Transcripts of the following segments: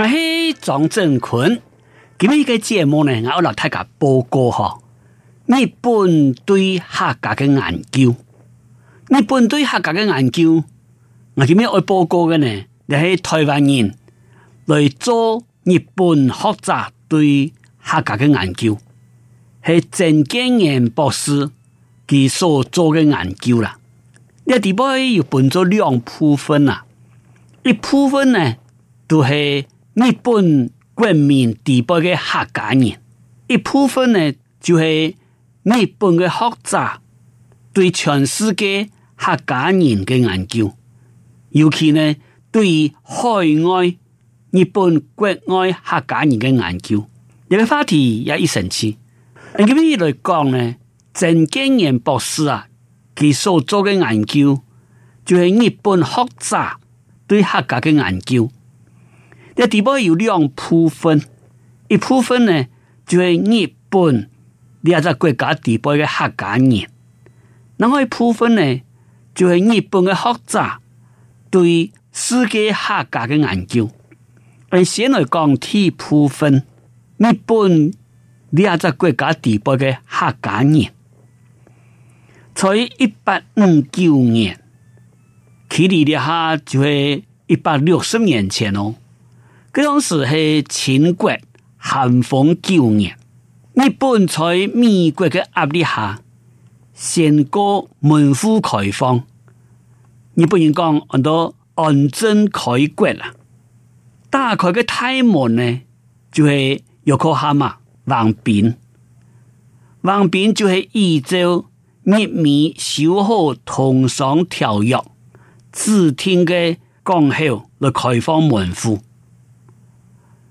我喺莊振坤，今日嘅節目呢，我嚟睇下報告哈。日本對客家嘅研究，日本對客家嘅研究，今我點解愛報告嘅呢？你喺台灣人來做日本學者對客家嘅研究，係曾建元博士佢所做嘅研究啦。呢啲波要分咗兩部分啊，一部分呢都係。就是日本國民地步嘅客家人，一部分呢就係日本嘅學者對全世界客家人嘅研究，尤其呢對於海外日本國外客家人嘅研究。一、這個話題有一成之，從呢嚟講呢，曾建元博士啊，其所做嘅研究就係日本學者對客家嘅研究。這地包有兩部分，一部分呢就是日本兩隻國家地包的客家人，另外一部分呢就是日本的學者對世界客家的研究。而先來講第一部分，日本兩隻國家地包嘅客家人，在一八五九年，距離下就係一百六十年前咯、哦。嗰陣時係清國咸豐九年，日本在美國嘅壓力下，先過門戶開放，日本人講很多安政開國啦。打開嘅大門呢，就係 Yokohama 橫濱，橫濱就係依照日美修好通商條約，指定嘅港口來開放門戶。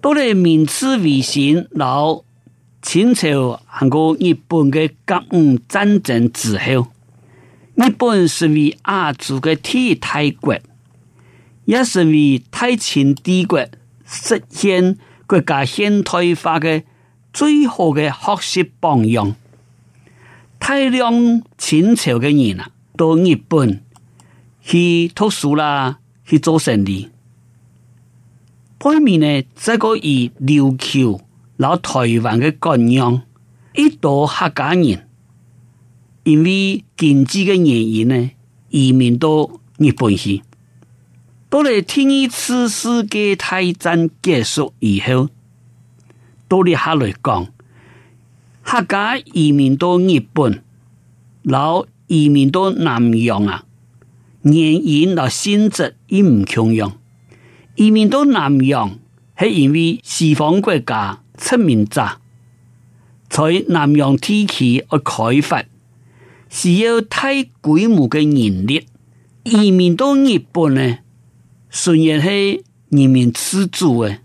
都係明治維新，然後清朝同過日本嘅甲午戰爭之後，日本成為亞洲嘅第一大國，也成為大清帝國實現國家現代化的最好的學習榜樣。大量清朝的人啊，到日本去讀書啦，去做生意。背明呢，這個以琉球老台灣的觀念，一度客家人，因為經濟的原因呢，移民到日本去。到嚟第二次世界大戰結束以後，到你下嚟講，客家移民到日本，老移民到南洋啊，原因係性質，亦唔窮樣。移民到南洋是因為西方國家出名早，在南洋地區而開發，是要太規模的人力；移民到日本呢，純係係移民自主啊，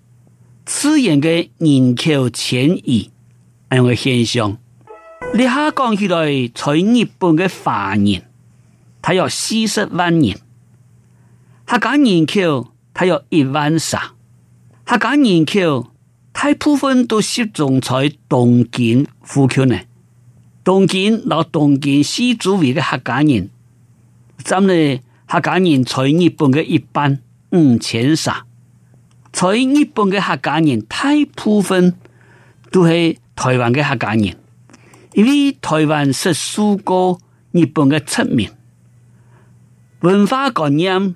自然嘅人口遷移安嘅現象。你下講起來，在日本嘅華人，他有四十萬人，他講人口。他有一萬三，客家人口，大部分都集中在東京戶口呢。東京老東京西周圍的客家人，咱們的客家人在日本的一般五千三。在日本的客家人，大部分都是台灣的客家人，因為台灣是數過日本的出名，文化觀念。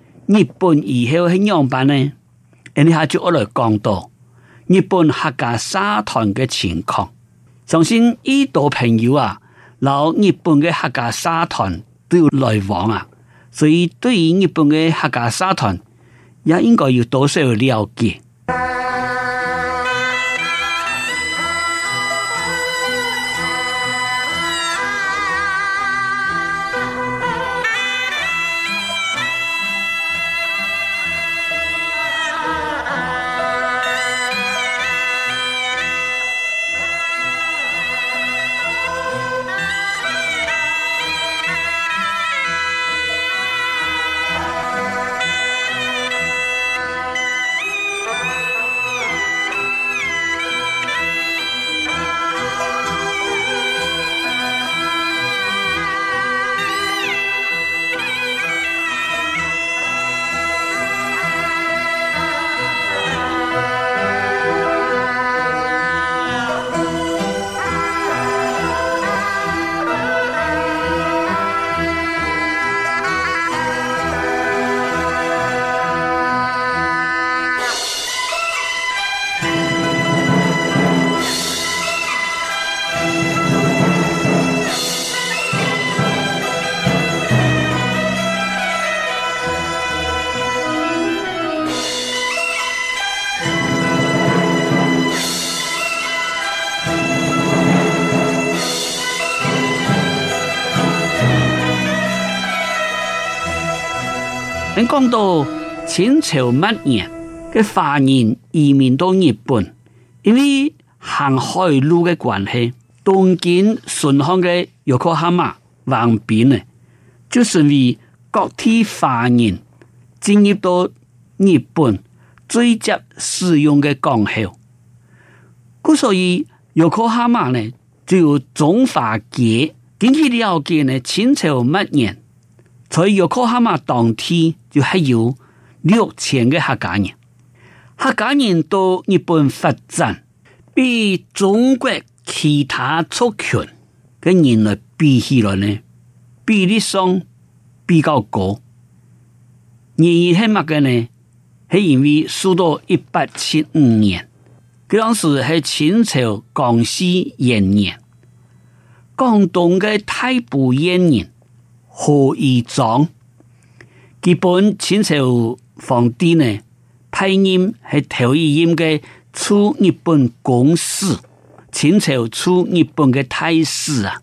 日本以後喺樣板呢，咁你下朝我來講到日本客家社團嘅情況。首先，呢度朋友啊，留日本嘅客家社團都要來往啊，所以對於日本嘅客家社團也應該要多少了解。講到清朝末年，嘅華人移民到日本，因為行海路嘅關係，東京順康嘅玉科哈馬橫濱呢，就屬、是、為國際華人進入到日本最早使用嘅港口，故所以玉科哈馬呢就中華街，點解了解呢？清朝末年。在入科下嘛，當天就還有六千個客家、家人，客家人到日本發展，比中國其他族群嘅人類比起來呢，比例上比較高，高。原因係乜個呢？係因為蘇到一八七五年，嗰陣時係清朝江西延年，廣東的泰布元年。何如璋，基本清朝皇帝呢，派人係頭一任嘅出日本公使，清朝出日本嘅大使啊。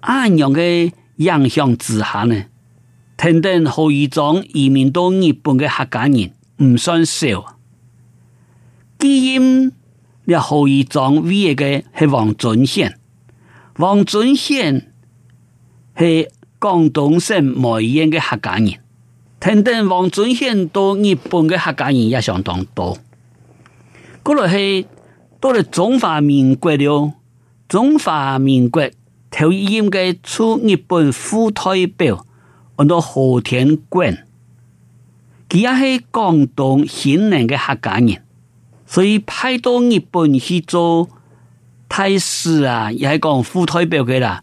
安陽嘅影響之下呢，聽到何如璋移民到日本嘅客家人唔算少。基因呢，何如璋為一嘅係黃遵憲。黃遵憲係。廣東省梅縣的客家人，聽聽黃遵憲到日本的客家人也相當多。嗰個係到咗中華民國了，中華民國頭一應嘅出日本副代表，我到何田官，佢係廣東興寧的客家人，所以派到日本去做大使，啊，亦係講副代表嘅啦。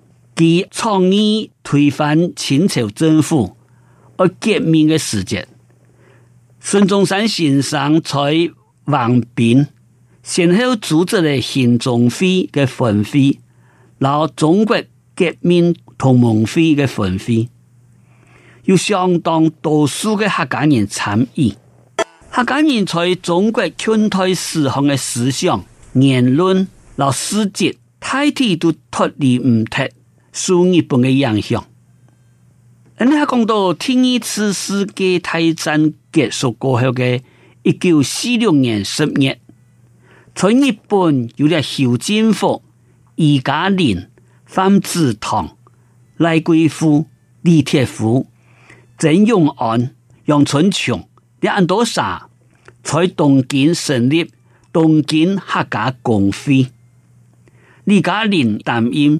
在倡議推翻清朝政府而革命嘅事件，孫中山先生在橫濱先後組織了興中會嘅分會，然後中國革命同盟會嘅分會，有相當多數嘅客家人參與。客家人在中國近代史上嘅思想、言論、老事跡、態度都脫離唔脫。受日本嘅影響，人哋講到第二次世界大戰結束過後的一九四六年十月，喺日本有啲喬振福、李嘉林、范志棠、賴桂富、李鐵夫、鄭永安、楊春強、李安多沙，在東京成立東京客家公司。李嘉林擔任。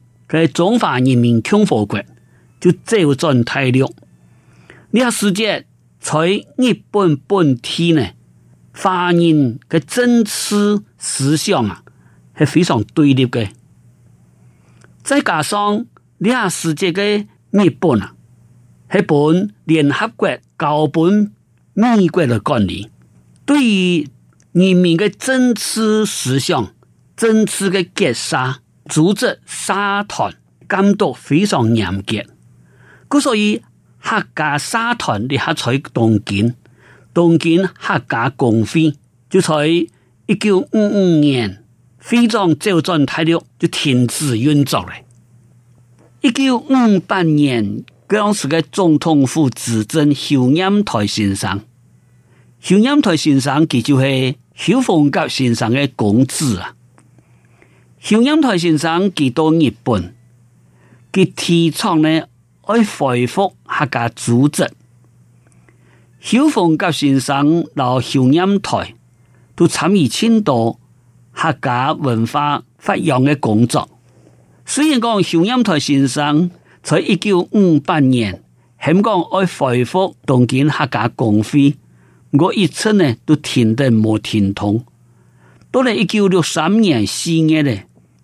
在中華人民共和國就正正這種狀態了，那時間在日本本地呢，華人嘅政治思想啊係非常對立嘅。再加上那時間嘅日本啊，日本聯合國高本美國嘅管理，對於人民嘅政治思想、政治嘅扼殺。組織沙團監督非常嚴格，故所以客家沙團的客取動件，動件客家公會就喺一九五五年，非常周轉太率就停止運作了。一九五八年，當時的總統府資政丘念台先生，丘念台先生其實就是丘逢甲先生的公子啊。邵音台先生幾多日本，佢提倡呢愛回復客家組織。小鳳格先生到邵音台都參與青島客家文化發揚的工作。雖然講邵音台先生在一九五八年，香港愛回復當今客家公會，我以前呢都聽得冇聽通。到咗一九六三年四月呢。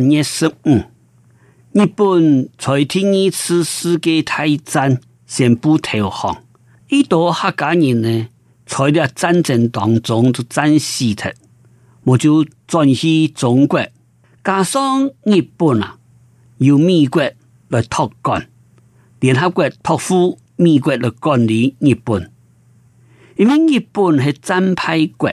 廿十五，日本在第二次世界大戰宣布投降。一到下家人呢，在啲戰爭當中就戰死嘅，我就轉去中國，加上日本啊，由美國來託管，聯合國託付美國來管理日本，因為日本是戰敗國。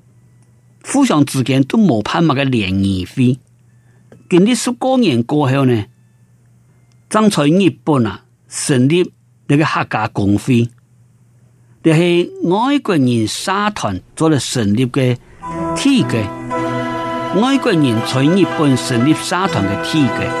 互相之間都冇拍馬的聯誼會。今年過年過後呢，正在日本啊成立那個客家公會，就是外國人社團做了成立嘅體格，外國人在日本成立社團的體格。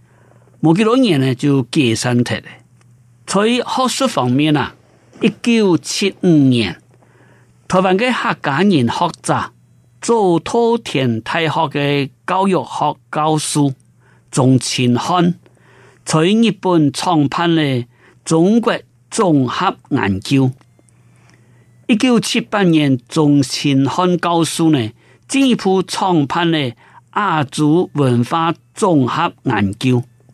冇幾多年呢就解散咗嘅，喺學術方面啊，一九七五年,學年學台灣的客家人學者做拓殖大學的教育學教授鍾清漢，鍾清漢在日本創辦了中國綜合研究，一九七八年鍾清漢教授呢進一步創辦了亞洲文化綜合研究。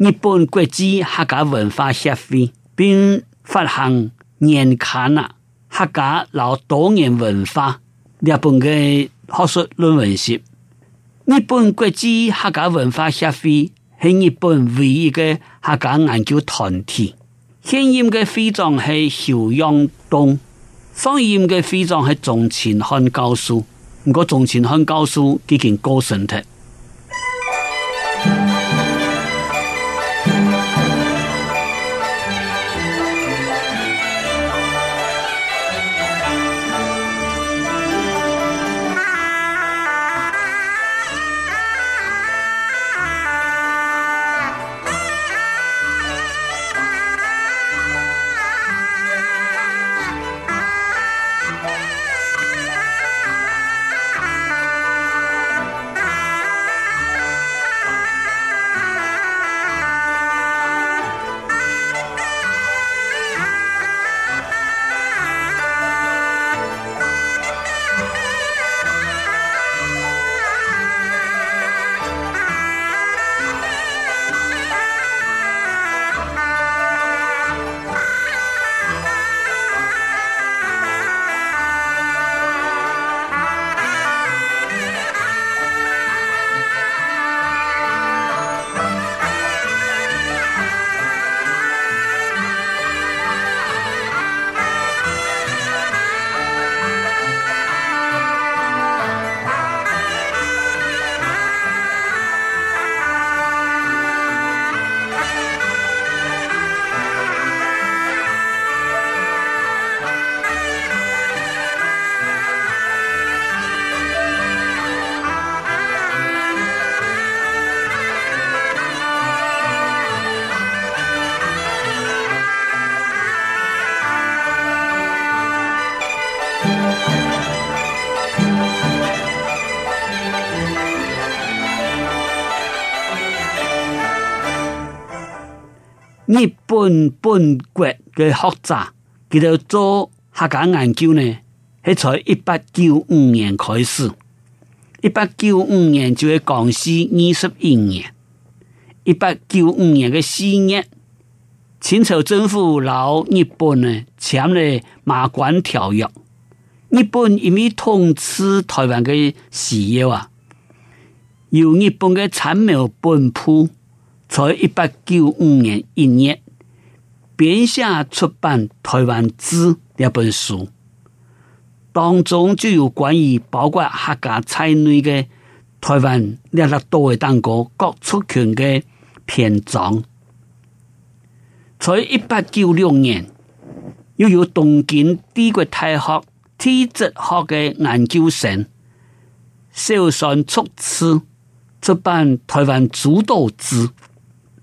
日本國際客家文化協會並發行年刊啦，客家老多元文化日本嘅學術論文集。日本國際客家文化協會係日本唯一嘅客家研究團體。現任嘅會長係邵陽東，現任嘅會長係鍾清漢教授。如果鍾清漢教授幾件高純鐵。日本本國的學者，佢就做客家研究呢，喺在一八九五年開始，一八九五年就係光緒二十一年，一八九五年的四月，清朝政府同日本呢簽咗馬關條約，日本因為統治台灣的事業啊，有日本的參謀本部。在一八九五年一月，編寫出版《台灣志》一本書，當中就有關於包括客家在內的台灣兩大多位當國各族群的篇章。在一八九六年，又有東京帝國大學體質學的研究生蕭山出資出版《台灣諸多志》。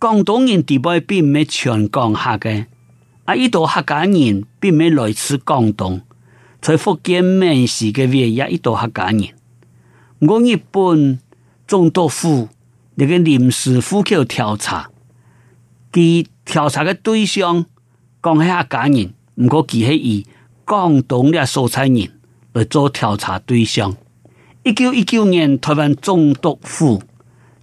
廣東人地位並唔係長江下嘅，啊呢度客家人並唔係來自廣東，在福建閩西嘅月也一度客家人。過日本總督府，呢個臨時戶口調查，啲調查嘅對象，講係客家人唔過其實以廣東嘅受產人來做調查對象。一九一九年台灣總督府。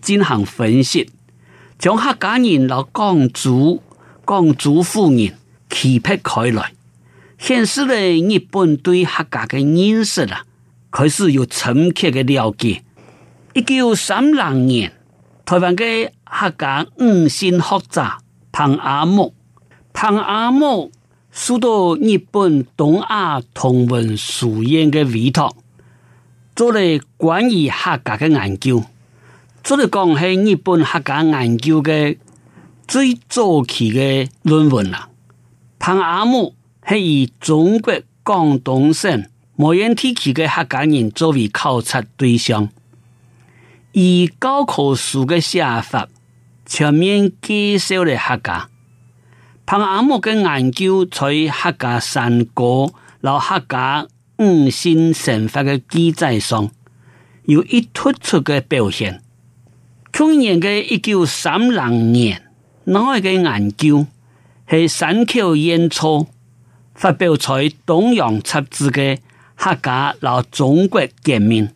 進行分析，將客家人共主，由廣州、廣州方言區別開來。顯示了日本對客家的認識啦，開始有深刻嘅了解。一九三六年，台灣的客家五、嗯、線學者彭阿木、彭阿木受到日本東亞同文書院的委託，做了關於客家的研究。這個講是日本學家研究的最早期的論文啦。彭阿木是以中國廣東省梅縣地區的客家人作為考察對象，以教科書的寫法全面介紹了客家。彭阿木的研究在客家三國老客家五行神法的記載上有一突出的表現。去年嘅一九三六年，嗱一個研究係山口演出發表在《東洋雜誌》嘅《客家老中國革命》，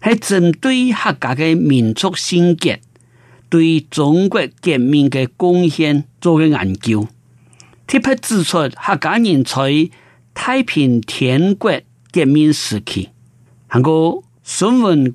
係針對客家嘅民族性格對中國革命嘅貢獻做嘅研究，特別指出客家人在太平天國革命時期，還有孫文。